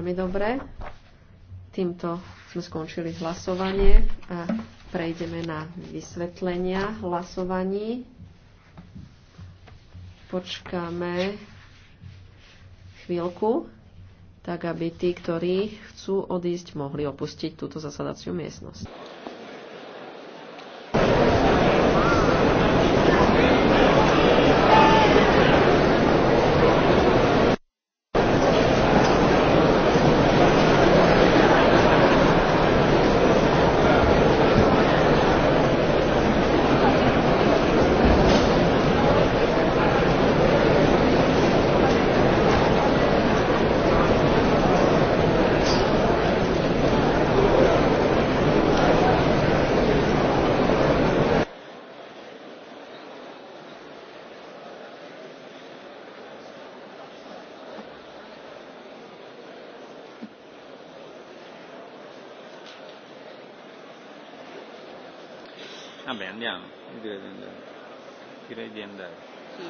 Veľmi dobre. Týmto sme skončili hlasovanie a prejdeme na vysvetlenia hlasovaní. Počkáme chvíľku, tak aby tí, ktorí chcú odísť, mohli opustiť túto zasadaciu miestnosť. Andiamo, direi di andare. Direi di andare. Sì.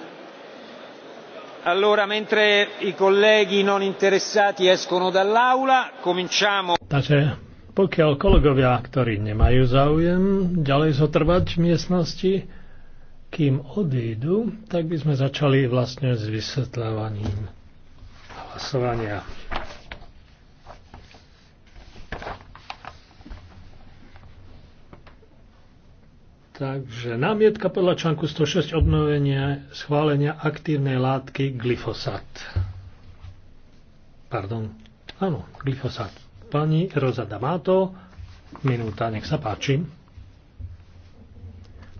Allora, mentre i colleghi non interessati escono dall'aula, cominciamo. Takže, pokiaľ kolegovia, ktorí nemajú záujem, ďalej zotrvať v miestnosti, kým odídu, tak by sme začali vlastne s vysvetľovaním hlasovania. Takže námietka podľa článku 106 obnovenie schválenia aktívnej látky glyfosát. Pardon. Áno, glyfosát. Pani Roza Damato, minúta, nech sa páči.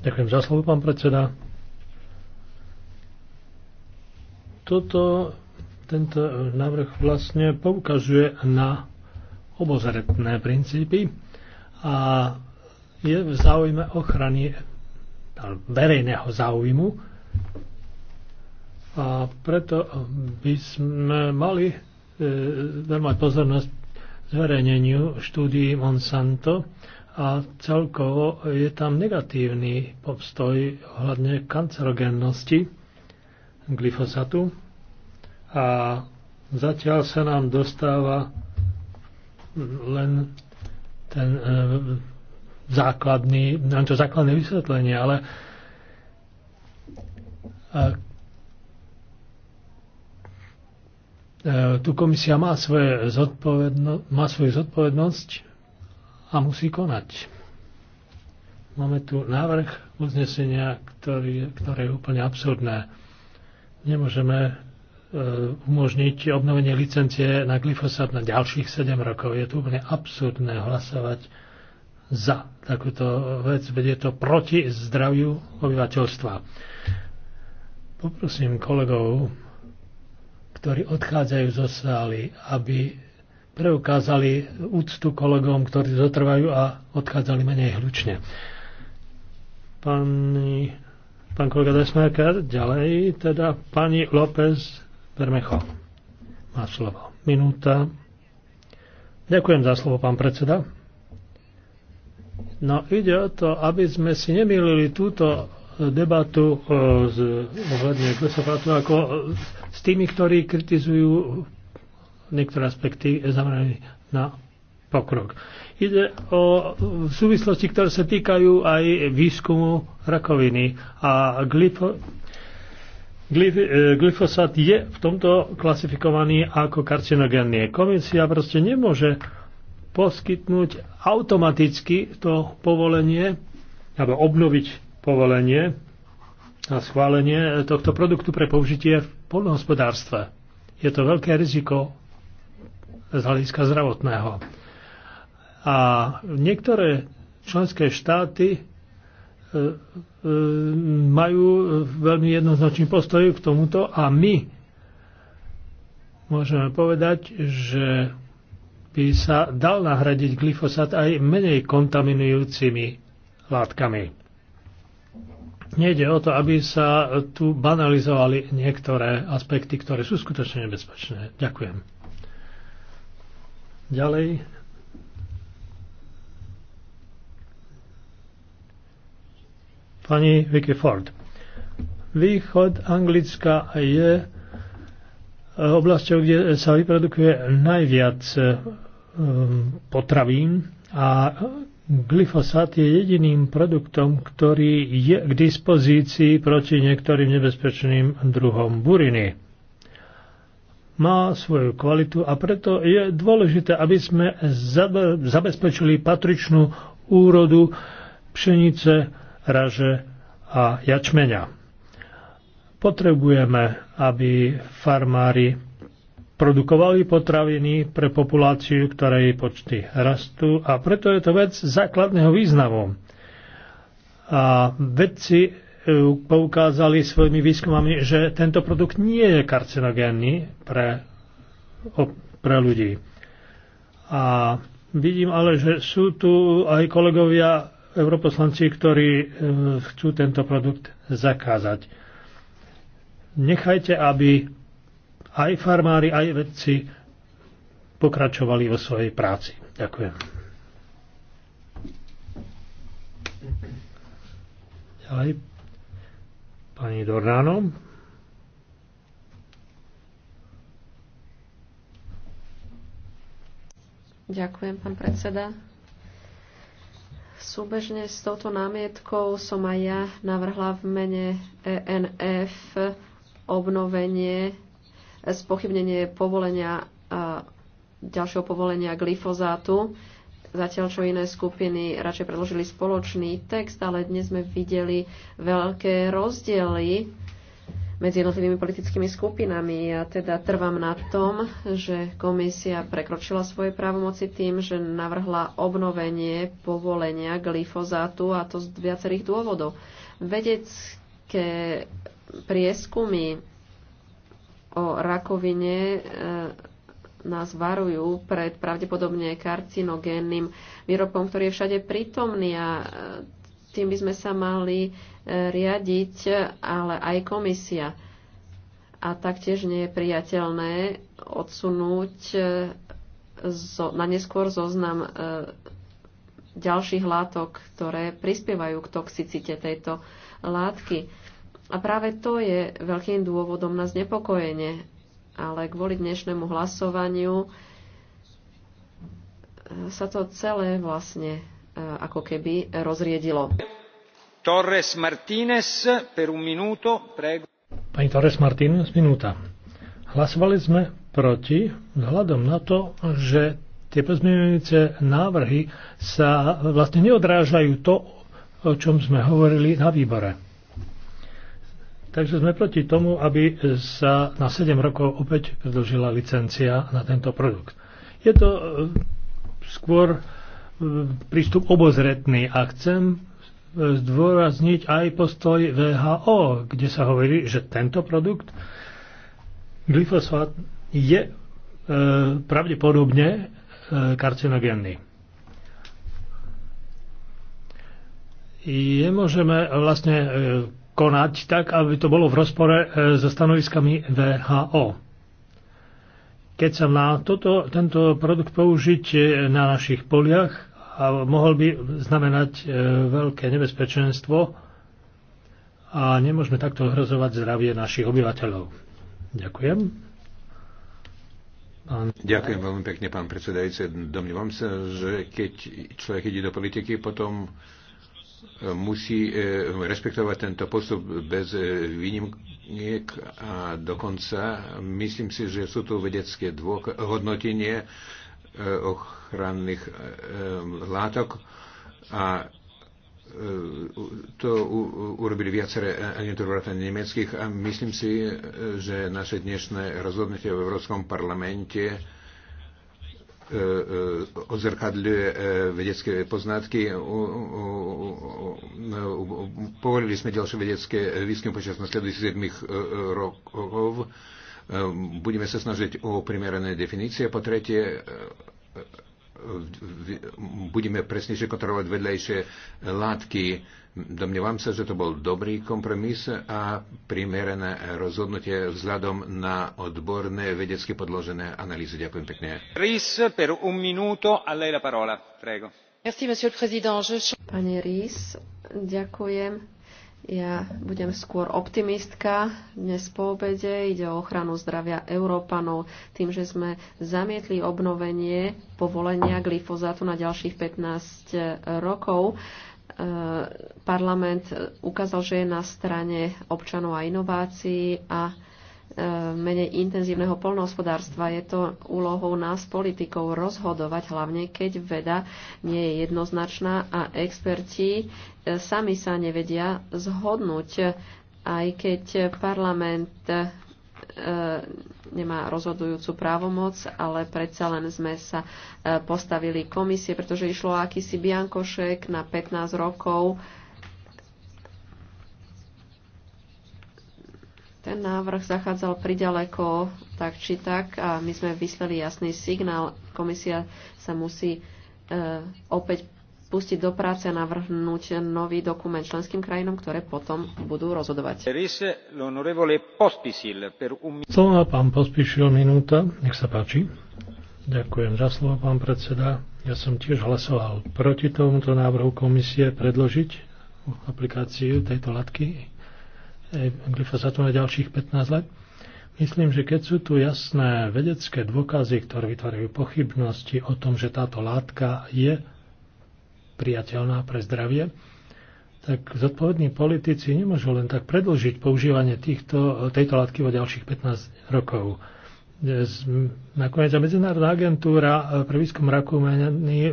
Ďakujem za slovo, pán predseda. Toto, tento návrh vlastne poukazuje na obozretné princípy a je v záujme ochrany verejného záujmu a preto by sme mali e, veľmi pozornosť zverejneniu štúdií Monsanto a celkovo je tam negatívny postoj ohľadne kancerogennosti glyfosatu a zatiaľ sa nám dostáva len ten e, základný, nám to základné vysvetlenie, ale a, e, e, tu komisia má, svoje zodpovedno, má svoju zodpovednosť a musí konať. Máme tu návrh uznesenia, ktorý, ktoré je úplne absurdné. Nemôžeme e, umožniť obnovenie licencie na glyfosát na ďalších 7 rokov. Je to úplne absurdné hlasovať za takúto vec, veď je to proti zdraviu obyvateľstva. Poprosím kolegov, ktorí odchádzajú zo sály, aby preukázali úctu kolegom, ktorí zotrvajú a odchádzali menej hlučne. Pani, pán kolega Desmerka, ďalej teda pani López Bermecho má slovo. Minúta. Ďakujem za slovo, pán predseda. No ide o to, aby sme si nemýlili túto e, debatu e, z, ohľadne glyfosatu ako e, s tými, ktorí kritizujú niektoré aspekty zamerané na pokrok. Ide o súvislosti, ktoré sa týkajú aj výskumu rakoviny a glifo, glif, glifosát je v tomto klasifikovaný ako karcinogénny. Komisia proste nemôže poskytnúť automaticky to povolenie, alebo obnoviť povolenie a schválenie tohto produktu pre použitie v polnohospodárstve. Je to veľké riziko z hľadiska zdravotného. A niektoré členské štáty e, e, majú veľmi jednoznačný postoj k tomuto a my môžeme povedať, že by sa dal nahradiť glyfosát aj menej kontaminujúcimi látkami. Nejde o to, aby sa tu banalizovali niektoré aspekty, ktoré sú skutočne nebezpečné. Ďakujem. Ďalej. Pani Vicky Ford. Východ Anglicka je oblasťou, kde sa vyprodukuje najviac eh, mm, potravín a glyfosát je jediným produktom, ktorý je k dispozícii proti niektorým nebezpečným druhom buriny. Má svoju kvalitu a preto je dôležité, aby sme zabezpečili patričnú úrodu pšenice, raže a jačmenia. Potrebujeme, aby farmári produkovali potraviny pre populáciu, ktorej počty rastú a preto je to vec základného významu. A vedci e, poukázali svojimi výskumami, že tento produkt nie je karcinogénny pre, pre ľudí. A vidím ale, že sú tu aj kolegovia europoslanci, ktorí e, chcú tento produkt zakázať nechajte, aby aj farmári, aj vedci pokračovali vo svojej práci. Ďakujem. Ďalej. Pani Dornáno. Ďakujem, pán predseda. Súbežne s touto námietkou som aj ja navrhla v mene ENF obnovenie, spochybnenie povolenia, ďalšieho povolenia glyfozátu. Zatiaľ, čo iné skupiny radšej predložili spoločný text, ale dnes sme videli veľké rozdiely medzi jednotlivými politickými skupinami. Ja teda trvám na tom, že komisia prekročila svoje právomoci tým, že navrhla obnovenie povolenia glyfozátu a to z viacerých dôvodov. Vedecké prieskumy o rakovine e, nás varujú pred pravdepodobne karcinogénnym výrobkom, ktorý je všade prítomný a e, tým by sme sa mali e, riadiť, ale aj komisia. A taktiež nie je priateľné odsunúť na neskôr zoznam ďalších látok, ktoré prispievajú k toxicite tejto látky. A práve to je veľkým dôvodom na znepokojenie. Ale kvôli dnešnému hlasovaniu e, sa to celé vlastne e, ako keby rozriedilo. Torres Martínez, per un minuto, prego. Pani Torres Martínez, minúta. Hlasovali sme proti vzhľadom na to, že tie pozmeňujúce návrhy sa vlastne neodrážajú to, o čom sme hovorili na výbore. Takže sme proti tomu, aby sa na 7 rokov opäť predlžila licencia na tento produkt. Je to e, skôr e, prístup obozretný a chcem e, zdôrazniť aj postoj VHO, kde sa hovorí, že tento produkt glyfosfát je e, pravdepodobne e, karcinogenný. Je môžeme vlastne e, konať tak, aby to bolo v rozpore e, so stanoviskami VHO. Keď sa má toto, tento produkt použiť e, na našich poliach, a mohol by znamenať e, veľké nebezpečenstvo a nemôžeme takto ohrozovať zdravie našich obyvateľov. Ďakujem. Pán... Ďakujem veľmi pekne, pán predsedajúce. Domnívam sa, že keď človek ide do politiky, potom musí e, rešpektovať tento postup bez e, výnimiek a dokonca myslím si, že sú tu vedecké hodnotenie e, ochranných látok a to urobili viaceré agentúry nemeckých a myslím si, že naše dnešné rozhodnutie v Európskom parlamente E, e, odzrkadľuje e, vedecké poznatky. Povolili sme ďalšie vedecké výskumy počas nasledujúcich 7 rokov. Budeme sa snažiť o primerané definície. Po tretie, budeme presnejšie kontrolovať vedľajšie látky Domnievam sa, že to bol dobrý kompromis a primerané rozhodnutie vzhľadom na odborné vedecky podložené analýzy. Ďakujem pekne. Ries, per un minuto, a lei la parola. Prego. Merci, monsieur le président. Je... Pani Ries, ďakujem. Ja budem skôr optimistka. Dnes po obede ide o ochranu zdravia Európanov tým, že sme zamietli obnovenie povolenia glyfozátu na ďalších 15 rokov. Eh, parlament ukázal, že je na strane občanov a inovácií a eh, menej intenzívneho polnohospodárstva. Je to úlohou nás, politikov, rozhodovať, hlavne keď veda nie je jednoznačná a experti eh, sami sa nevedia zhodnúť, aj keď parlament E, nemá rozhodujúcu právomoc, ale predsa len sme sa e, postavili komisie, pretože išlo akýsi biankošek na 15 rokov. Ten návrh zachádzal priďaleko tak či tak a my sme vysleli jasný signál. Komisia sa musí e, opäť pustiť do práce a navrhnúť nový dokument členským krajinom, ktoré potom budú rozhodovať. Slovo pán Pospišil minúta, nech sa páči. Ďakujem za slovo, pán predseda. Ja som tiež hlasoval proti tomuto návrhu komisie predložiť aplikáciu tejto látky e, glyfosátu na ďalších 15 let. Myslím, že keď sú tu jasné vedecké dôkazy, ktoré vytvárajú pochybnosti o tom, že táto látka je priateľná pre zdravie, tak zodpovední politici nemôžu len tak predlžiť používanie týchto, tejto látky o ďalších 15 rokov. Nakoniec a Medzinárodná agentúra eh, pre výskum raku v, eh,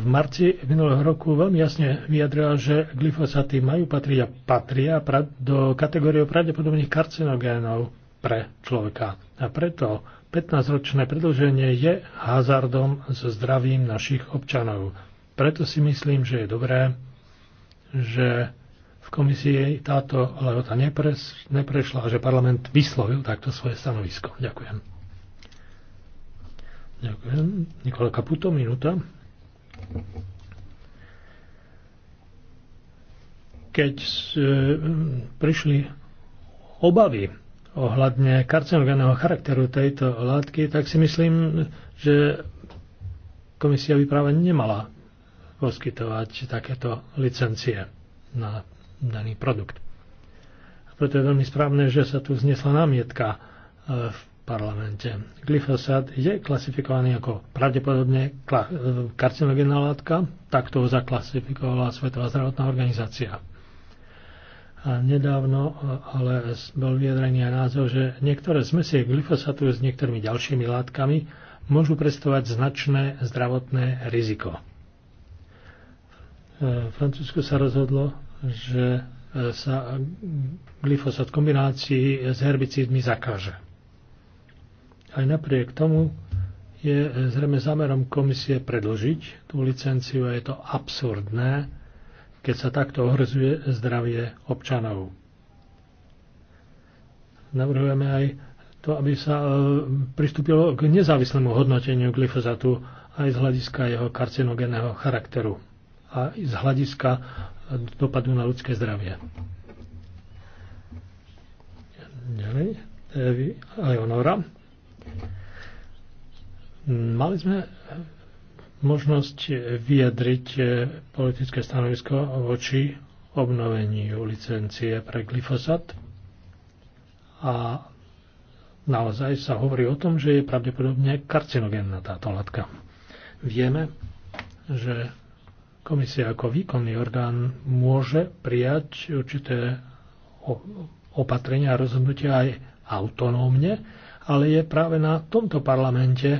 v marci minulého roku veľmi jasne vyjadrila, že glyfosaty majú patriť a patria do kategórie pravdepodobných karcinogénov pre človeka. A preto 15-ročné predlženie je hazardom so zdravím našich občanov. Preto si myslím, že je dobré, že v komisii táto lehota nepres, neprešla a že parlament vyslovil takto svoje stanovisko. Ďakujem. Ďakujem. Nikola Kaputo, minúta. Keď e, prišli obavy ohľadne karcinogénneho charakteru tejto látky, tak si myslím, že komisia by práve nemala poskytovať takéto licencie na daný produkt. A preto je veľmi správne, že sa tu vznesla námietka e, v parlamente. Glyfosát je klasifikovaný ako pravdepodobne e, karcinogénna látka, takto to zaklasifikovala Svetová zdravotná organizácia. A nedávno ale bol vyjadrený aj názor, že niektoré zmesie glyfosatu s niektorými ďalšími látkami môžu predstavovať značné zdravotné riziko. E, Francúzsko sa rozhodlo, že e, sa glyfosat v kombinácii s herbicídmi zakáže. Aj napriek tomu je zrejme zámerom komisie predlžiť tú licenciu a je to absurdné, keď sa takto ohrozuje zdravie občanov. Navrhujeme aj to, aby sa e, pristúpilo k nezávislému hodnoteniu glyfozatu aj z hľadiska jeho karcinogénneho charakteru a z hľadiska dopadu na ľudské zdravie. Ďalej, Evi Mali sme možnosť vyjadriť eh, politické stanovisko voči obnoveniu licencie pre glyfosat a naozaj sa hovorí o tom, že je pravdepodobne karcinogénna táto látka. Vieme, že komisia ako výkonný orgán môže prijať určité opatrenia a rozhodnutia aj autonómne, ale je práve na tomto parlamente,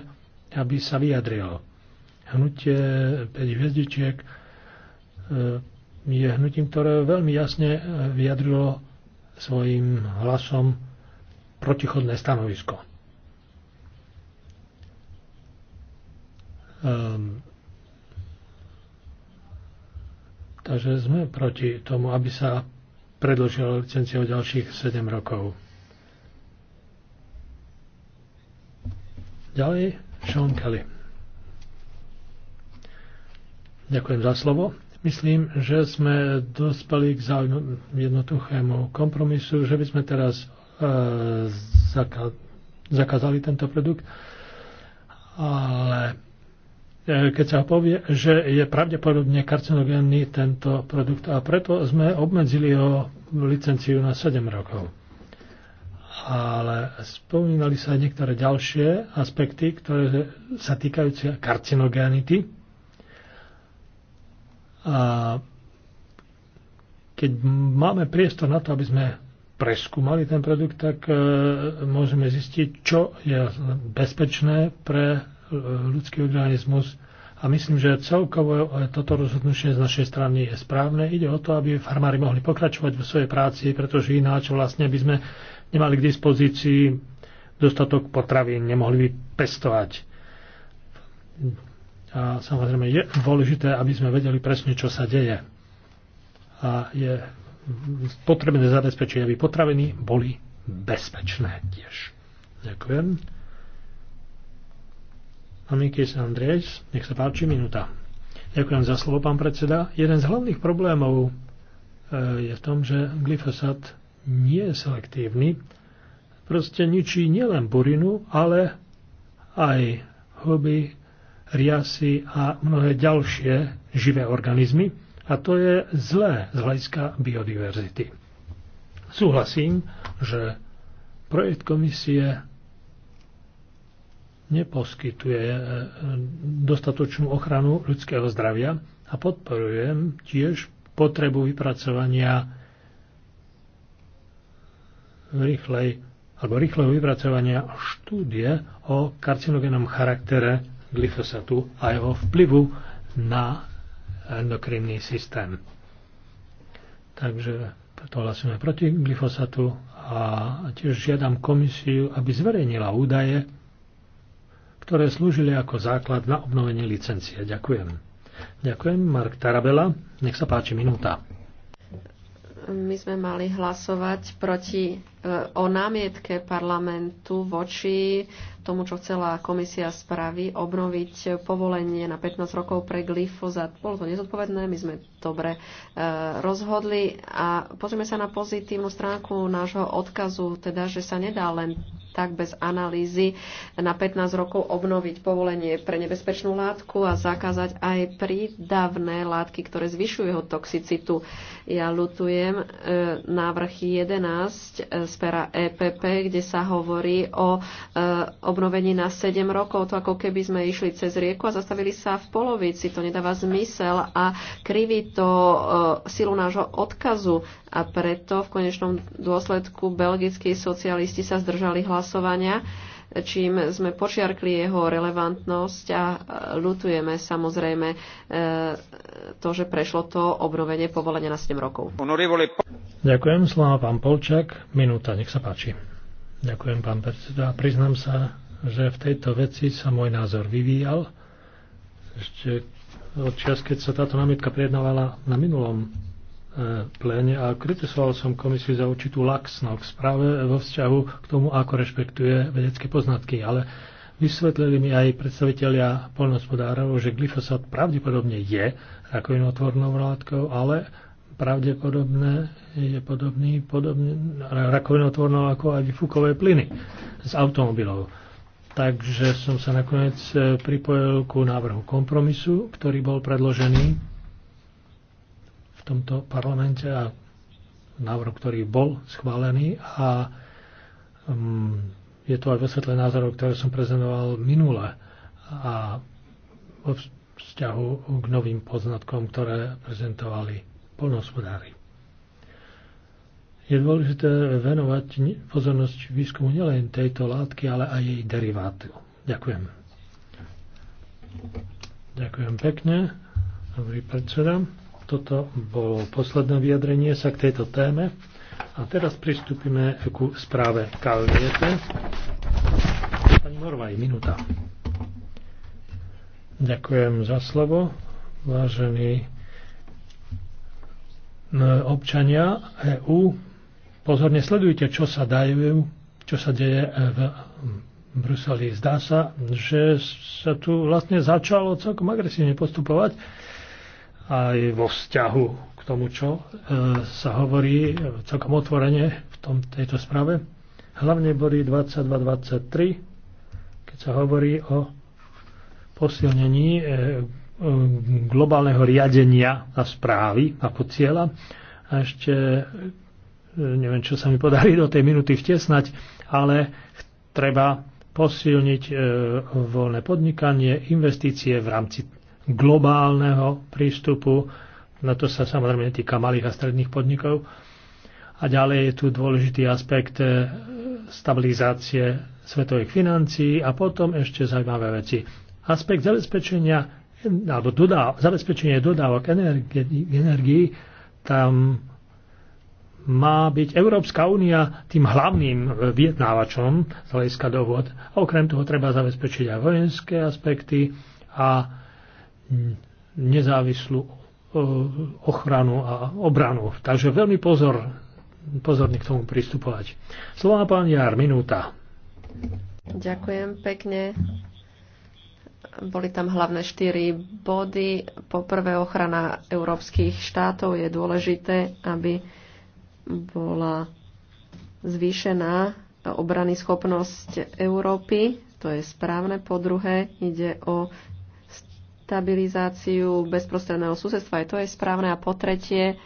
aby sa vyjadrilo hnutie 5 hviezdičiek e, je hnutím, ktoré veľmi jasne e, vyjadrilo svojim hlasom protichodné stanovisko. Um, takže sme proti tomu, aby sa predlžila licencia o ďalších 7 rokov. Ďalej, Sean Kelly. Ďakujem za slovo. Myslím, že sme dospeli k jednoduchému kompromisu, že by sme teraz e, zakázali tento produkt, ale e, keď sa povie, že je pravdepodobne karcinogénny tento produkt a preto sme obmedzili ho licenciu na 7 rokov. Ale spomínali sa aj niektoré ďalšie aspekty, ktoré sa týkajúce karcinogénity a keď máme priestor na to, aby sme preskúmali ten produkt, tak e, môžeme zistiť, čo je bezpečné pre e, ľudský organizmus. A myslím, že celkovo toto rozhodnutie z našej strany je správne. Ide o to, aby farmári mohli pokračovať vo svojej práci, pretože ináč vlastne by sme nemali k dispozícii dostatok potravín, nemohli by pestovať a samozrejme je dôležité, aby sme vedeli presne, čo sa deje. A je potrebné zabezpečiť, aby potraviny boli bezpečné tiež. Ďakujem. Amikis Andrejs, nech sa páči, minúta. Ďakujem za slovo, pán predseda. Jeden z hlavných problémov e, je v tom, že glyfosát nie je selektívny. Proste ničí nielen burinu, ale aj huby, riasy a mnohé ďalšie živé organizmy a to je zlé z hľadiska biodiverzity. Súhlasím, že projekt komisie neposkytuje e, dostatočnú ochranu ľudského zdravia a podporujem tiež potrebu vypracovania rýchlej alebo rýchleho vypracovania štúdie o karcinogénom charaktere glyfosatu a jeho vplyvu na endokrinný systém. Takže preto hlasujeme proti glyfosatu a tiež žiadam komisiu, aby zverejnila údaje, ktoré slúžili ako základ na obnovenie licencie. Ďakujem. Ďakujem. Mark Tarabela, nech sa páči, minúta. My sme mali hlasovať proti, e, o námietke parlamentu voči tomu, čo chcela komisia spraví, obnoviť povolenie na 15 rokov pre glyfozát. Bolo to nezodpovedné, my sme dobre e, rozhodli a pozrieme sa na pozitívnu stránku nášho odkazu, teda, že sa nedá len tak bez analýzy na 15 rokov obnoviť povolenie pre nebezpečnú látku a zakázať aj prídavné látky, ktoré zvyšujú jeho toxicitu. Ja lutujem e, návrh 11 e, z pera EPP, kde sa hovorí o, e, o obnovení na 7 rokov. To ako keby sme išli cez rieku a zastavili sa v polovici. To nedáva zmysel a kriví to e, silu nášho odkazu. A preto v konečnom dôsledku belgickí socialisti sa zdržali hlasovania čím sme počiarkli jeho relevantnosť a e, lutujeme samozrejme e, to, že prešlo to obnovenie povolenia na 7 rokov. Ďakujem, slova pán Polčak. Minúta, nech sa páči. Ďakujem, pán predseda. Priznám sa, že v tejto veci sa môj názor vyvíjal. Ešte od čas, keď sa táto námietka prijednávala na minulom e, pléne a kritizoval som komisiu za určitú laxnosť práve vo vzťahu k tomu, ako rešpektuje vedecké poznatky. Ale vysvetlili mi aj predstavitelia polnospodárov, že glyfosát pravdepodobne je rakovinotvornou látkou, ale pravdepodobné je podobný, podobný rakovinotvornou ako aj vyfúkové plyny z automobilov. Takže som sa nakoniec e, pripojil ku návrhu kompromisu, ktorý bol predložený v tomto parlamente a návrh, ktorý bol schválený a um, je to aj vo svetle názorov, ktoré som prezentoval minule a vo vzťahu k novým poznatkom, ktoré prezentovali polnohospodári je dôležité venovať pozornosť výskumu nielen tejto látky, ale aj jej derivátu. Ďakujem. Ďakujem pekne. Dobrý predseda. Toto bolo posledné vyjadrenie sa k tejto téme. A teraz pristúpime ku správe Kalviete. Pani Morvaj, minúta. Ďakujem za slovo, vážení občania EÚ. Pozorne sledujte, čo sa dajú, čo sa deje v Bruseli. Zdá sa, že sa tu vlastne začalo celkom agresívne postupovať aj vo vzťahu k tomu, čo e, sa hovorí celkom otvorene v tom, tejto správe. Hlavne boli 22-23, keď sa hovorí o posilnení e, e, globálneho riadenia a správy ako cieľa. A ešte neviem, čo sa mi podarí do tej minuty vtesnať, ale treba posilniť e, voľné podnikanie, investície v rámci globálneho prístupu. Na to sa samozrejme týka malých a stredných podnikov. A ďalej je tu dôležitý aspekt e, stabilizácie svetových financií a potom ešte zaujímavé veci. Aspekt zabezpečenia alebo dodá, zabezpečenie dodávok energii, energii tam má byť Európska únia tým hlavným e, vyjednávačom z hľadiska dohod. okrem toho treba zabezpečiť aj vojenské aspekty a nezávislú e, ochranu a obranu. Takže veľmi pozor, pozorne k tomu pristupovať. Slová pán Jar, minúta. Ďakujem pekne. Boli tam hlavné štyri body. Poprvé, ochrana európskych štátov je dôležité, aby bola zvýšená obrany schopnosť Európy, to je správne. Po druhé, ide o stabilizáciu bezprostredného susedstva, aj to je správne. A po tretie,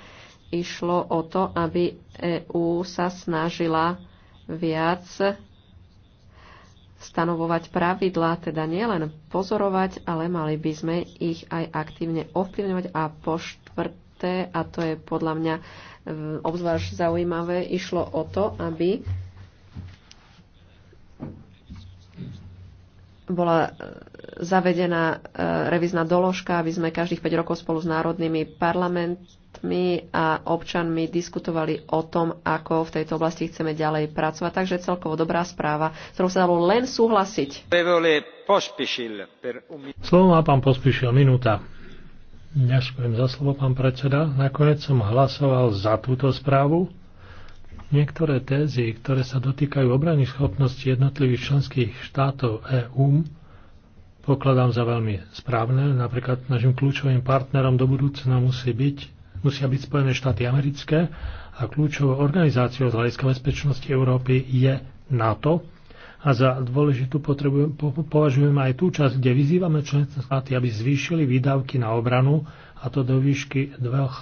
išlo o to, aby EÚ sa snažila viac stanovovať pravidlá, teda nielen pozorovať, ale mali by sme ich aj aktívne ovplyvňovať a po štvrt dôležité a to je podľa mňa e, obzvlášť zaujímavé. Išlo o to, aby bola e, zavedená e, revizná doložka, aby sme každých 5 rokov spolu s národnými parlamentmi a občanmi diskutovali o tom, ako v tejto oblasti chceme ďalej pracovať. Takže celkovo dobrá správa, s ktorou sa dalo len súhlasiť. Slovo má pán Pospišil, minúta. Ďakujem za slovo, pán predseda. Nakoniec som hlasoval za túto správu. Niektoré tézy, ktoré sa dotýkajú obrany schopnosti jednotlivých členských štátov EÚ, pokladám za veľmi správne. Napríklad našim kľúčovým partnerom do budúcna musí byť, musia byť Spojené štáty americké a kľúčovou organizáciou z hľadiska bezpečnosti Európy je NATO a za dôležitú potrebu, považujem aj tú časť, kde vyzývame členské štáty, aby zvýšili výdavky na obranu a to do výšky 2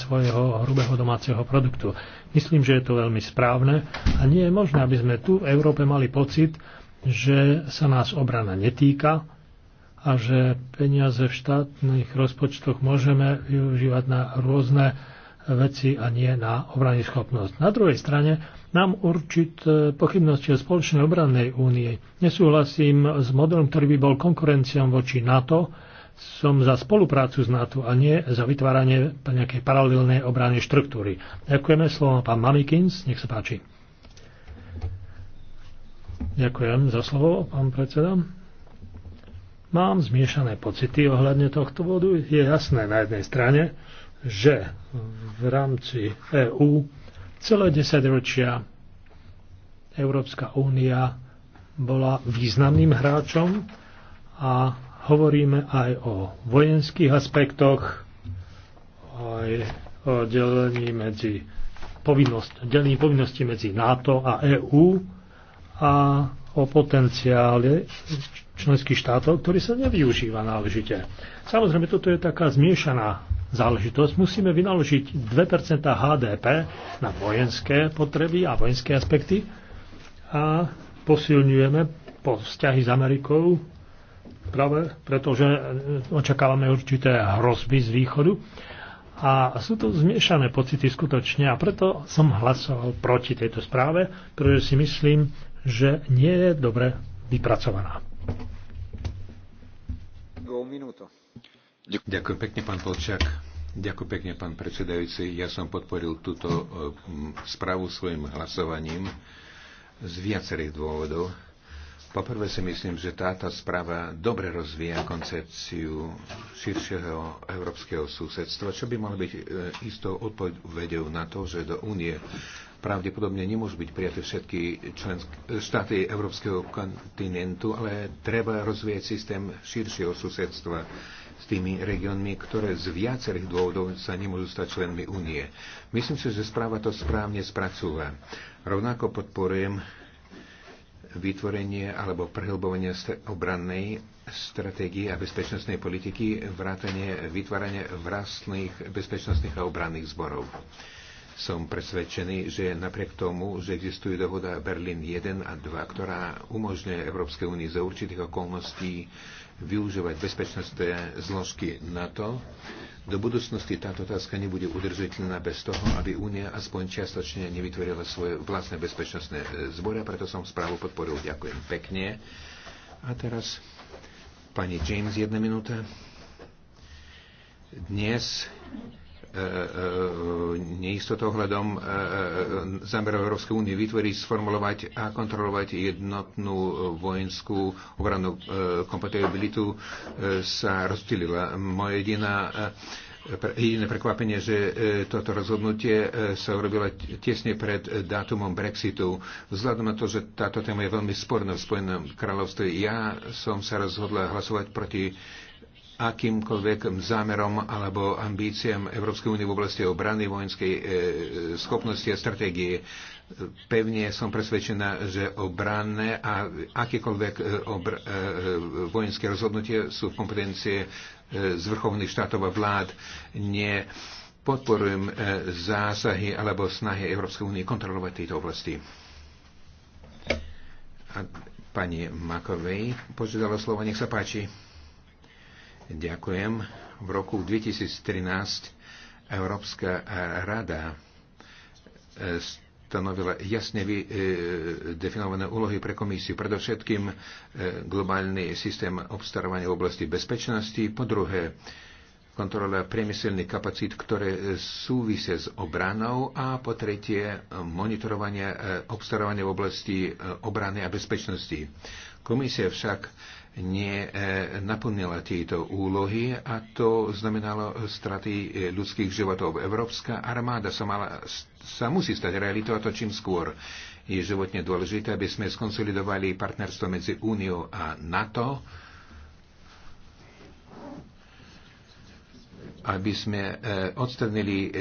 svojho hrubého domáceho produktu. Myslím, že je to veľmi správne a nie je možné, aby sme tu v Európe mali pocit, že sa nás obrana netýka a že peniaze v štátnych rozpočtoch môžeme využívať na rôzne veci a nie na obrany schopnosť. Na druhej strane nám určit pochybnosti o spoločnej obrannej únie. Nesúhlasím s modelom, ktorý by bol konkurenciom voči NATO. Som za spoluprácu s NATO a nie za vytváranie nejakej paralelnej obrany štruktúry. Ďakujeme slovo pán Mamikins, nech sa páči. Ďakujem za slovo, pán predseda. Mám zmiešané pocity ohľadne tohto bodu. Je jasné na jednej strane, že v rámci EÚ celé desaťročia Európska únia bola významným hráčom a hovoríme aj o vojenských aspektoch, aj o delení medzi povinnosť, delení povinnosti medzi NATO a EÚ a o potenciále členských štátov, ktorý sa nevyužíva náležite. Samozrejme, toto je taká zmiešaná záležitosť, musíme vynaložiť 2% HDP na vojenské potreby a vojenské aspekty a posilňujeme po vzťahy s Amerikou práve preto, že očakávame určité hrozby z východu a sú to zmiešané pocity skutočne a preto som hlasoval proti tejto správe, pretože si myslím, že nie je dobre vypracovaná. Go minuto. Ďakujem pekne, pán Polčák. Ďakujem pekne, pán predsedajúci. Ja som podporil túto e, správu svojim hlasovaním z viacerých dôvodov. Poprvé si myslím, že táto správa dobre rozvíja koncepciu širšieho európskeho susedstva, čo by malo byť e, istou odpovedou na to, že do únie pravdepodobne nemôžu byť prijaté všetky členské štáty európskeho kontinentu, ale treba rozvíjať systém širšieho susedstva s tými regiónmi, ktoré z viacerých dôvodov sa nemôžu stať členmi únie. Myslím si, že správa to správne spracúva. Rovnako podporujem vytvorenie alebo prehlbovanie obrannej stratégie a bezpečnostnej politiky, vrátanie vytvárania vlastných bezpečnostných a obranných zborov. Som presvedčený, že napriek tomu, že existuje dohoda Berlin 1 a 2, ktorá umožňuje Európskej únii za určitých okolností využívať bezpečnostné zložky NATO. Do budúcnosti táto otázka nebude udržiteľná bez toho, aby Únia aspoň čiastočne nevytvorila svoje vlastné bezpečnostné e, zbory a preto som správu podporil. Ďakujem pekne. A teraz pani James, jedna minúta. Dnes E, e, neistotou ohľadom e, zámerov Európskej únie vytvoriť, sformulovať a kontrolovať jednotnú vojenskú obrannú kompatibilitu sa rozptýlila. Moje jediná jediné prekvapenie, že toto rozhodnutie sa urobilo tesne pred dátumom Brexitu. Vzhľadom na to, že táto téma je veľmi sporná v Spojenom kráľovstve, ja som sa rozhodla hlasovať proti akýmkoľvek zámerom alebo ambíciám Európskej únie v oblasti obrany, vojenskej e, schopnosti a stratégie. Pevne som presvedčená, že obranné a akékoľvek e, obr- e, vojenské rozhodnutie sú v kompetencie e, zvrchovných štátov a vlád. Nie podporujem e, zásahy alebo snahy Európskej únie kontrolovať tieto oblasti. A pani Makovej požiadala slovo, nech sa páči. Ďakujem. V roku 2013 Európska rada e, stanovila jasne e, definované úlohy pre komisiu. Predovšetkým e, globálny systém obstarovania v oblasti bezpečnosti, po druhé kontrola priemyselných kapacít, ktoré súvisia s obranou a po tretie monitorovanie obstarovania v oblasti obrany a bezpečnosti. Komisia však nenaplnila e, tieto úlohy a to znamenalo straty e, ľudských životov. Európska armáda sa, mala, sa musí stať realitou a to čím skôr. Je životne dôležité, aby sme skonsolidovali partnerstvo medzi Úniou a NATO, aby sme e, odstavnili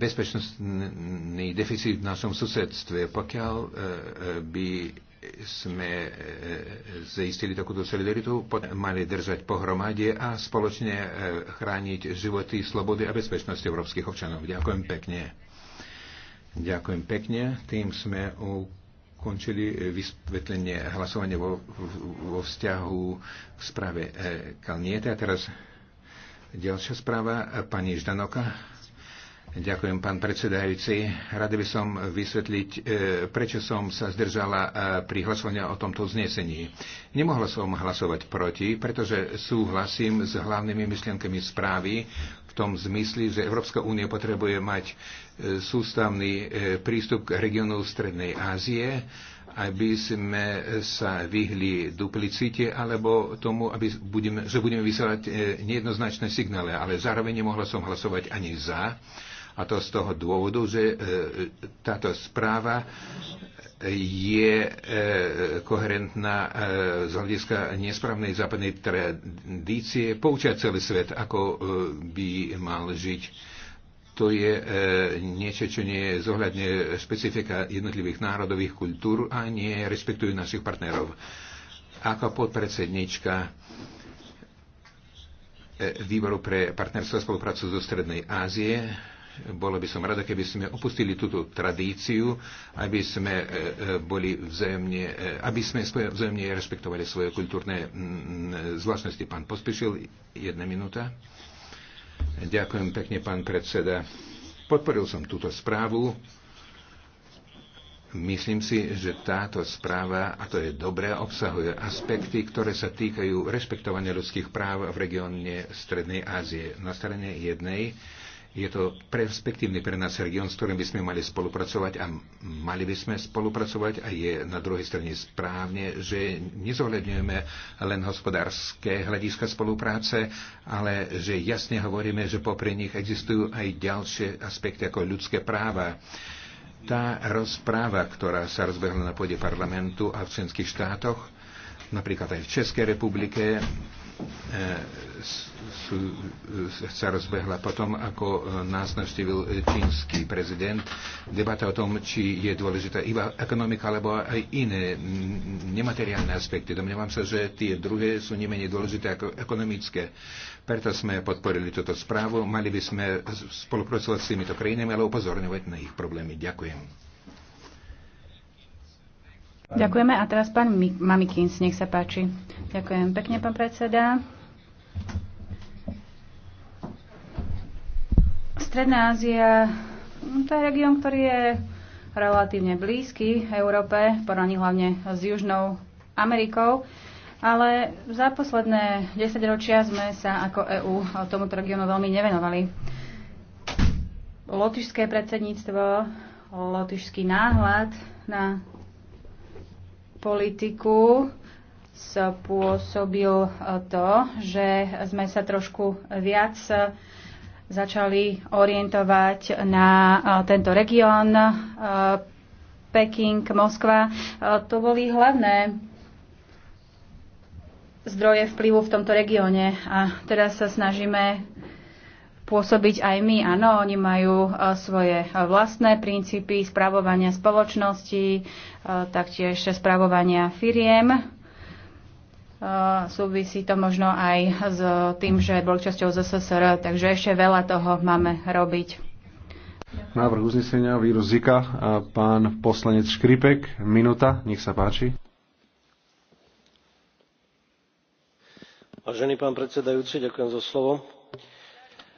bezpečnostný deficit v našom susedstve. Pokiaľ by sme e, zaistili takúto solidaritu, mali držať pohromade a spoločne e, chrániť životy, slobody a bezpečnosť európskych občanov. Ďakujem pekne. Ďakujem pekne. Tým sme ukončili vysvetlenie hlasovania vo, vo vzťahu k správe e, Kalniete. A teraz ďalšia správa pani Ždanoka. Ďakujem, pán predsedajúci. Rade by som vysvetliť, e, prečo som sa zdržala e, pri hlasovaní o tomto znesení. Nemohla som hlasovať proti, pretože súhlasím s hlavnými myšlienkami správy v tom zmysli, že Európska únia potrebuje mať e, sústavný prístup k regionu Strednej Ázie, aby sme sa vyhli duplicite alebo tomu, aby budeme, že budeme vysielať nejednoznačné signály, ale zároveň nemohla som hlasovať ani za a to z toho dôvodu, že e, táto správa je e, koherentná e, z hľadiska nesprávnej západnej tradície poučať celý svet, ako by mal žiť. To je niečo, čo nie zohľadne špecifika jednotlivých národových kultúr a nie respektujú našich partnerov. Ako podpredsednička výboru pre partnerstvo a spoluprácu zo Strednej Ázie bolo by som rada, keby sme opustili túto tradíciu, aby sme e, e, boli vzájomne, e, aby sme vzájomne rešpektovali svoje kultúrne zvláštnosti. Pán Pospešil, jedna minúta. Ďakujem pekne, pán predseda. Podporil som túto správu. Myslím si, že táto správa, a to je dobré, obsahuje aspekty, ktoré sa týkajú rešpektovania ľudských práv v regióne Strednej Ázie. Na strane jednej je to perspektívny pre nás región, s ktorým by sme mali spolupracovať a mali by sme spolupracovať a je na druhej strane správne, že nezohľadňujeme len hospodárske hľadiska spolupráce, ale že jasne hovoríme, že popri nich existujú aj ďalšie aspekty ako ľudské práva. Tá rozpráva, ktorá sa rozbehla na pôde parlamentu a v členských štátoch, napríklad aj v Českej republike, E, sa rozbehla potom, ako e, nás navštívil čínsky prezident. Debata o tom, či je dôležitá iba ekonomika, alebo aj iné nemateriálne aspekty. Domnievam sa, že tie druhé sú nemenej dôležité ako ekonomické. Preto sme podporili túto správu. Mali by sme spolupracovať s týmito krajinami, ale upozorňovať na ich problémy. Ďakujem. Ďakujeme. A teraz pán Mamikins, nech sa páči. Ďakujem pekne, pán predseda. Stredná Ázia, no, to je region, ktorý je relatívne blízky Európe, porovnaní hlavne s Južnou Amerikou. Ale za posledné 10 ročia sme sa ako EÚ tomuto regiónu veľmi nevenovali. Lotyšské predsedníctvo, lotyšský náhľad na politiku spôsobil e, to, že sme sa trošku viac e, začali orientovať na e, tento región Peking, Moskva. To boli hlavné zdroje vplyvu v tomto regióne a teraz sa snažíme pôsobiť aj my. Áno, oni majú e, svoje e, vlastné princípy spravovania spoločnosti, e, taktiež spravovania firiem. Súvisí to možno aj s tým, že bol časťou ZSSR, takže ešte veľa toho máme robiť. Návrh uznesenia vírus Zika pán poslanec Škripek, minúta, nech sa páči. Vážený pán predsedajúci, ďakujem za slovo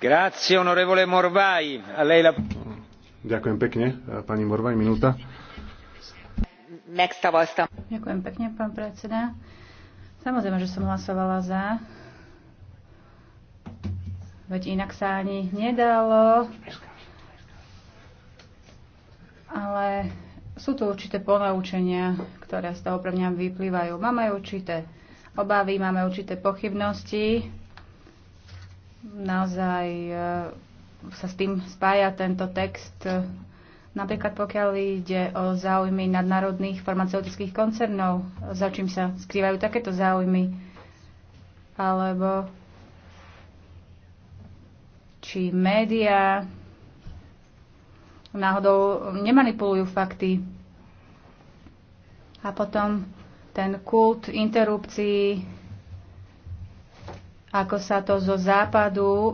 Ďakujem pekne, pani Morvai, minúta. Ďakujem pekne, pán predseda. Samozrejme, že som hlasovala za. Veď inak sa ani nedalo. Ale sú tu určité ponaučenia, ktoré z toho pre mňa vyplývajú. Máme určité obavy, máme určité pochybnosti naozaj e, sa s tým spája tento text. Napríklad pokiaľ ide o záujmy nadnárodných farmaceutických koncernov, za čím sa skrývajú takéto záujmy, alebo či médiá náhodou nemanipulujú fakty. A potom ten kult interrupcií ako sa to zo západu e,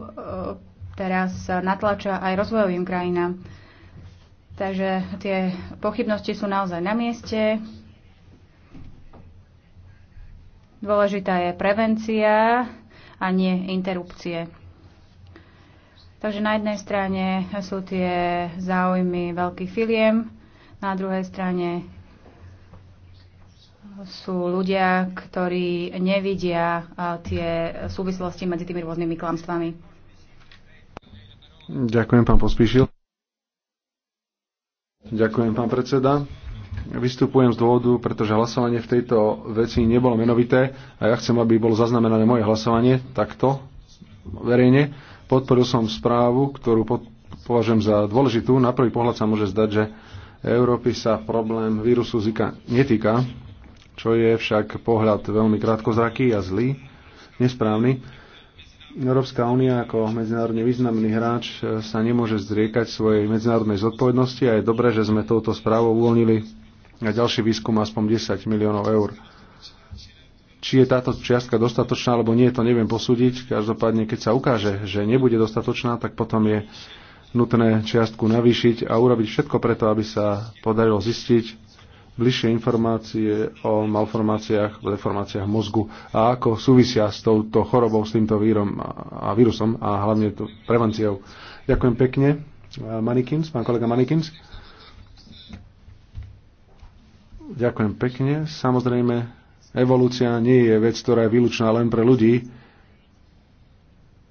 teraz natlača aj rozvojovým krajinám. Takže tie pochybnosti sú naozaj na mieste. Dôležitá je prevencia a nie interrupcie. Takže na jednej strane sú tie záujmy veľkých filiem, na druhej strane sú ľudia, ktorí nevidia tie súvislosti medzi tými rôznymi klamstvami. Ďakujem, pán Pospíšil. Ďakujem, pán predseda. Vystupujem z dôvodu, pretože hlasovanie v tejto veci nebolo menovité a ja chcem, aby bolo zaznamenané moje hlasovanie takto verejne. Podporil som správu, ktorú pod, považujem za dôležitú. Na prvý pohľad sa môže zdať, že Európy sa problém vírusu Zika netýka, čo je však pohľad veľmi krátkozraký a zlý, nesprávny. Európska únia ako medzinárodne významný hráč e, sa nemôže zriekať svojej medzinárodnej zodpovednosti a je dobré, že sme touto správou uvoľnili na ďalší výskum aspoň 10 miliónov eur. Či je táto čiastka dostatočná alebo nie, to neviem posúdiť. Každopádne, keď sa ukáže, že nebude dostatočná, tak potom je nutné čiastku navýšiť a urobiť všetko preto, aby sa podarilo zistiť, bližšie informácie o malformáciách, deformáciách mozgu a ako súvisia s touto chorobou, s týmto vírom a vírusom a hlavne tú prevenciou. Ďakujem pekne. Manikins, pán kolega Manikins. Ďakujem pekne. Samozrejme, evolúcia nie je vec, ktorá je výlučná len pre ľudí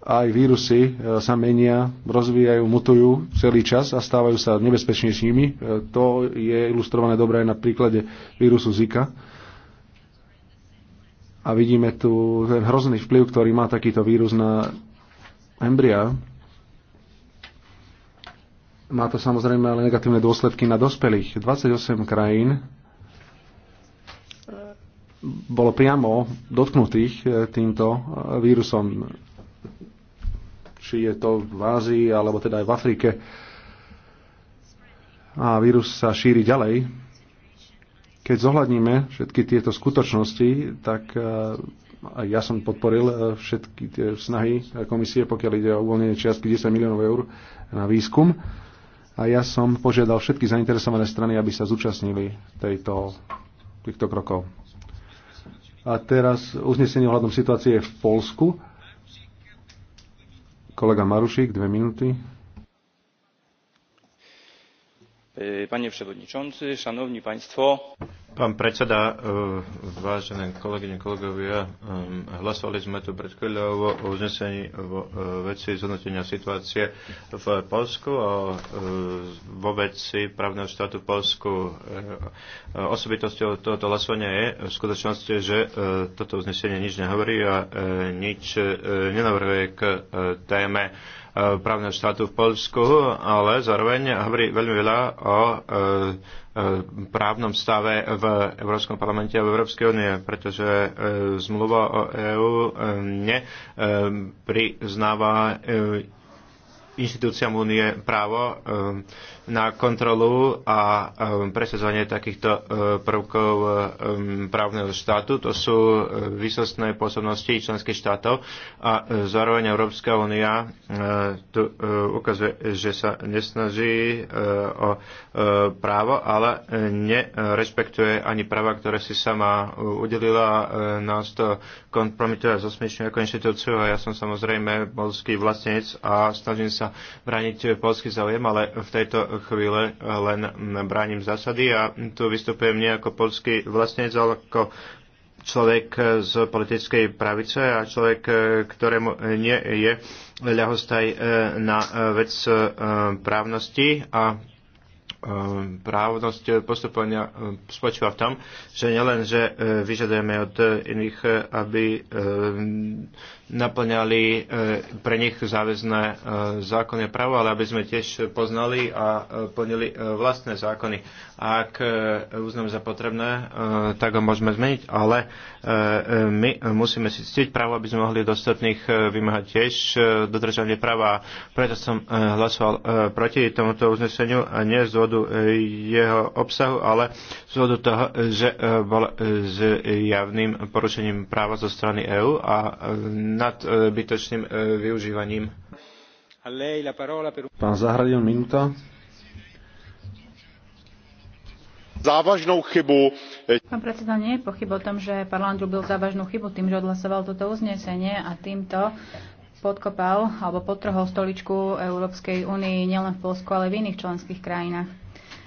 aj vírusy e, sa menia, rozvíjajú, mutujú celý čas a stávajú sa nebezpečnejšími. E, to je ilustrované dobre aj na príklade vírusu Zika. A vidíme tu ten hrozný vplyv, ktorý má takýto vírus na embriá. Má to samozrejme ale negatívne dôsledky na dospelých. 28 krajín e, bolo priamo dotknutých týmto vírusom či je to v Ázii alebo teda aj v Afrike. A vírus sa šíri ďalej. Keď zohľadníme všetky tieto skutočnosti, tak e, aj ja som podporil e, všetky tie snahy komisie, pokiaľ ide o uvoľnenie čiastky 10 miliónov eur na výskum. A ja som požiadal všetky zainteresované strany, aby sa zúčastnili tejto, týchto krokov. A teraz uznesenie ohľadom situácie v Polsku. Kolega Marušík, dve minúty. E, Panie przewodniczący, szanowni państwo. Pán predseda, e, vážené kolegyne, kolegovia, e, hlasovali sme tu pred chvíľou o uznesení vo veci zhodnotenia situácie v Polsku a vo veci právneho štátu v Polsku. Osobitosťou tohoto hlasovania je v skutočnosti, že toto uznesenie nič nehovorí a nič nenavrhuje k téme právneho štátu v Polsku, ale zároveň hovorí veľmi veľa o e, e, právnom stave v Európskom parlamente a v Európskej únie, pretože e, zmluva o EÚ nepriznáva inštitúciám únie právo na kontrolu a um, presadzovanie takýchto uh, prvkov um, právneho štátu. To sú uh, výsostné pôsobnosti členských štátov a uh, zároveň Európska únia tu ukazuje, že sa nesnaží o právo, ale nerešpektuje ani práva, ktoré si sama udelila. Nás to kompromituje a zosmiešňuje ako inštitúciu a ja som samozrejme polský vlastnec a snažím sa braniť polský záujem, ale v tejto chvíle len bránim zásady a tu vystupujem nie ako polský vlastnec, ale ako človek z politickej pravice a človek, ktorému nie je ľahostaj e, na e, vec e, právnosti a právnosť postupovania spočíva v tom, že nielen, že vyžadujeme od iných, aby naplňali e, pre nich záväzné e, zákonné právo, ale aby sme tiež poznali a e, plnili vlastné zákony. Ak uznám za potrebné, tak ho môžeme zmeniť, ale my musíme si ctiť právo, aby sme mohli dostatných vymáhať tiež dodržanie práva. Preto som hlasoval proti tomuto uzneseniu a nie z dôvodu jeho obsahu, ale z dôvodu toho, že bol s javným porušením práva zo strany EÚ a nadbytočným e, využívaním. Pán Zahradil, minúta. Závažnou chybu. Pán predseda, nie je pochyb o tom, že parlament robil závažnú chybu tým, že odhlasoval toto uznesenie a týmto podkopal alebo potrhol stoličku Európskej únii nielen v Polsku, ale v iných členských krajinách.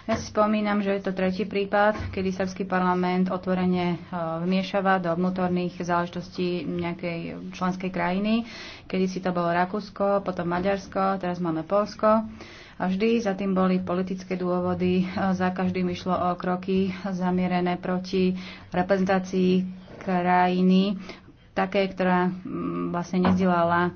Ja si spomínam, že je to tretí prípad, kedy srbský parlament otvorene e, vmiešava do vnútorných záležitostí nejakej členskej krajiny. Kedy si to bolo Rakúsko, potom Maďarsko, teraz máme Polsko. A vždy za tým boli politické dôvody, e, za každým išlo o kroky zamierené proti reprezentácii krajiny, také, ktorá mm, vlastne nezdielala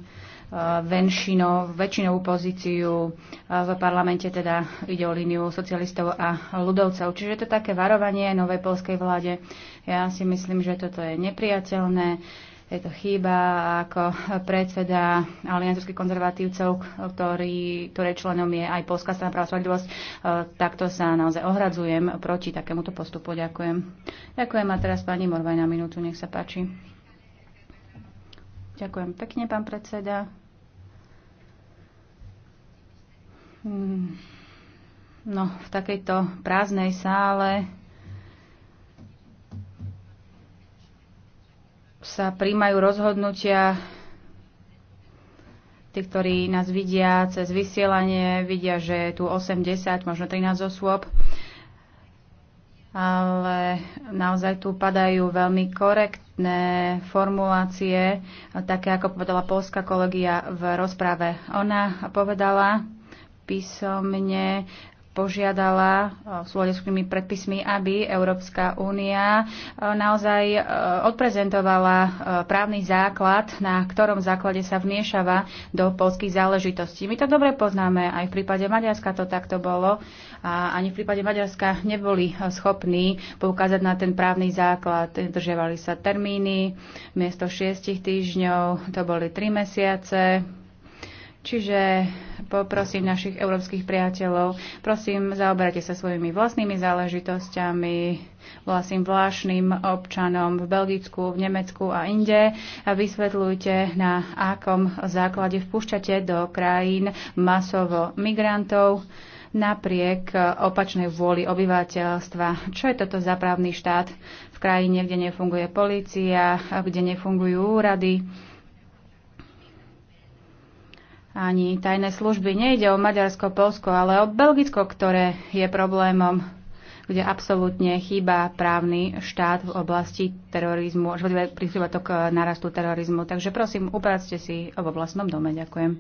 väčšinov väčšinovú pozíciu e, v parlamente, teda ide o líniu socialistov a ľudovcov. Čiže to je také varovanie novej polskej vláde. Ja si myslím, že toto je nepriateľné. Je to chyba ako predseda alianských konzervatívcov, ktorý, ktoré členom je aj Polská strana práva spravodlivosť. E, takto sa naozaj ohradzujem proti takémuto postupu. Ďakujem. Ďakujem a teraz pani Morvaj na minútu, nech sa páči. Ďakujem pekne, pán predseda. Mm, no, v takejto prázdnej sále sa príjmajú rozhodnutia tí, ktorí nás vidia cez vysielanie, vidia, že je tu 80, možno 13 osôb, ale naozaj tu padajú veľmi korektné formulácie, také ako povedala polská kolegia v rozprave. Ona povedala, písomne požiadala e, v súlade s tými predpismi, aby Európska únia e, naozaj e, odprezentovala právny základ, na ktorom základe sa vmiešava do polských záležitostí. My to dobre poznáme, aj v prípade Maďarska to takto bolo a ani v prípade Maďarska neboli schopní poukázať na ten právny základ. Držiavali sa termíny, miesto šiestich týždňov to boli tri mesiace, Čiže poprosím našich európskych priateľov, prosím, zaoberajte sa svojimi vlastnými záležitosťami, vlastným vlášným občanom v Belgicku, v Nemecku a inde a vysvetľujte, na akom základe vpúšťate do krajín masovo migrantov napriek opačnej vôli obyvateľstva. Čo je toto za právny štát v krajine, kde nefunguje policia, kde nefungujú úrady? ani tajné služby. Nejde o Maďarsko, Polsko, ale o Belgicko, ktoré je problémom, kde absolútne chýba právny štát v oblasti terorizmu, prispieva to k narastu terorizmu. Takže prosím, upracte si vo vlastnom dome. Ďakujem.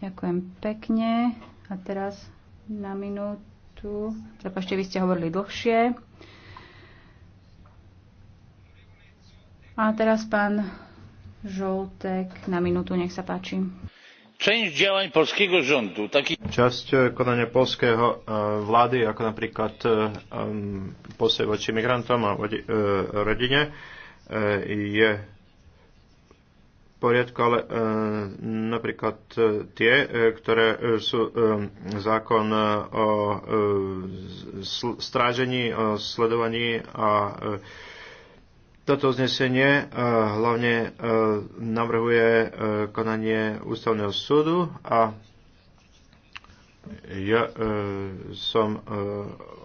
Ďakujem pekne. A teraz na minútu. Prepašte, vy ste hovorili dlhšie. A teraz pán Žoltek na minútu, nech sa páči. Część działań polskiego rządu, taký... Časť e, konania polského e, władzy, jak na przykład posej voči migrantom a rodzinie, rodine, je v poriadku, ale na napríklad tie, ktoré sú zakon o strażeniu, o sledovaní a toto uznesenie e, hlavne e, navrhuje e, konanie ústavného súdu a ja e, som e,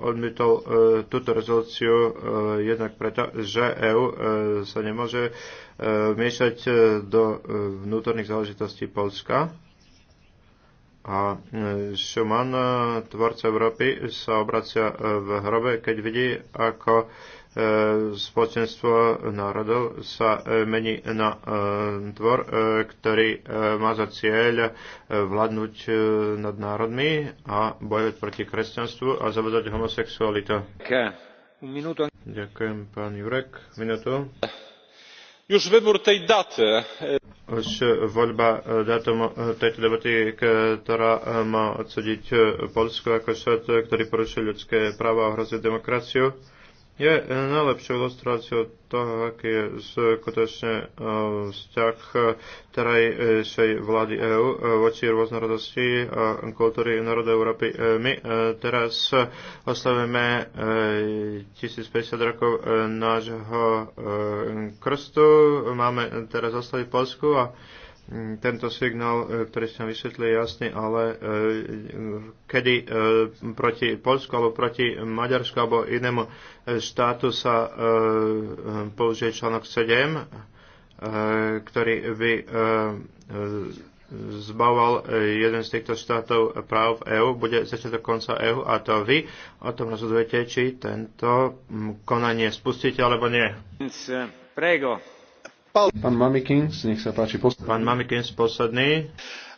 odmietol e, túto rezolúciu e, jednak preto, že EU e, sa nemôže e, miešať e, do e, vnútorných záležitostí Polska. A Schumann, tvorca Európy, sa obracia v hrobe, keď vidí, ako e, E, spoločenstvo národov sa e, mení na tvor, e, ktorý má za cieľ vládnuť nad národmi a bojovať proti kresťanstvu a zavedať homosexualitu. Ďakujem, pán Jurek. Minútu. Už vybor tej daty. Už voľba dátum tejto debaty, ktorá má odsúdiť Polsko ako štát, ktorý porušuje ľudské práva a ohrozuje demokraciu je eh, najlepšou ilustráciou toho, aký je skutočne eh, vzťah eh, terajšej vlády EÚ voči rôznorodosti a kultúry národa Európy. My teraz oslavujeme 1050 rokov nášho krstu, máme teraz oslaviť Polsku a Mm, tento signál, e, ktorý som vysvetlil jasne, ale e, kedy e, proti Polsku alebo proti Maďarsku alebo inému štátu sa použije článok 7, ktorý by zbavoval jeden z týchto štátov práv EÚ, bude začiatok konca EÚ a to vy o tom rozhodujete, či tento konanie spustíte alebo nie. Prego. Pán Mamikins, nech sa páči. Posledný. Pán Mamikins, posledný.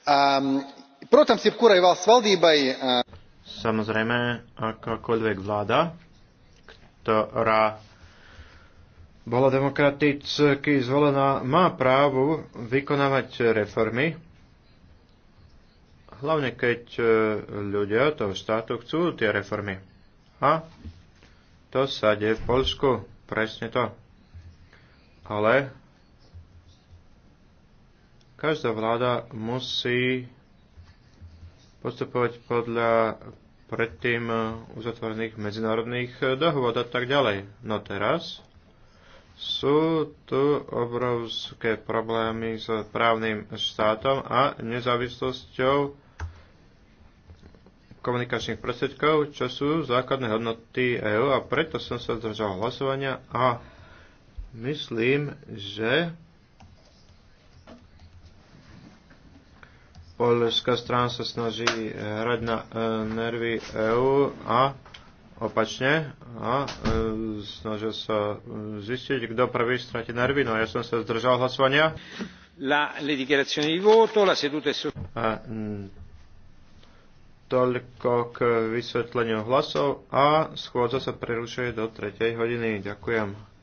Um, protams, jebkurai valsts valdībai... Uh... E- Samozrejme, akákoľvek vláda, ktorá bola demokraticky zvolená, má právo vykonávať reformy, hlavne keď e, ľudia toho štátu chcú tie reformy. A to sa deje v Polsku, presne to. Ale Každá vláda musí postupovať podľa predtým uzatvorených medzinárodných dohôd a tak ďalej. No teraz sú tu obrovské problémy s právnym štátom a nezávislosťou komunikačných prostriedkov, čo sú základné hodnoty EÚ a preto som sa zdržal hlasovania a myslím, že polská strana sa snaží eh, hrať na eh, e, nervy EÚ a opačne a e, eh, snažil sa zistiť, kto prvý stratí nervy. No ja som sa zdržal hlasovania. La, le dichiarazioni di voto, la seduta è su... A, m, mm, toľko k vysvetleniu hlasov a schôdza sa prerušuje do 3. hodiny. Ďakujem.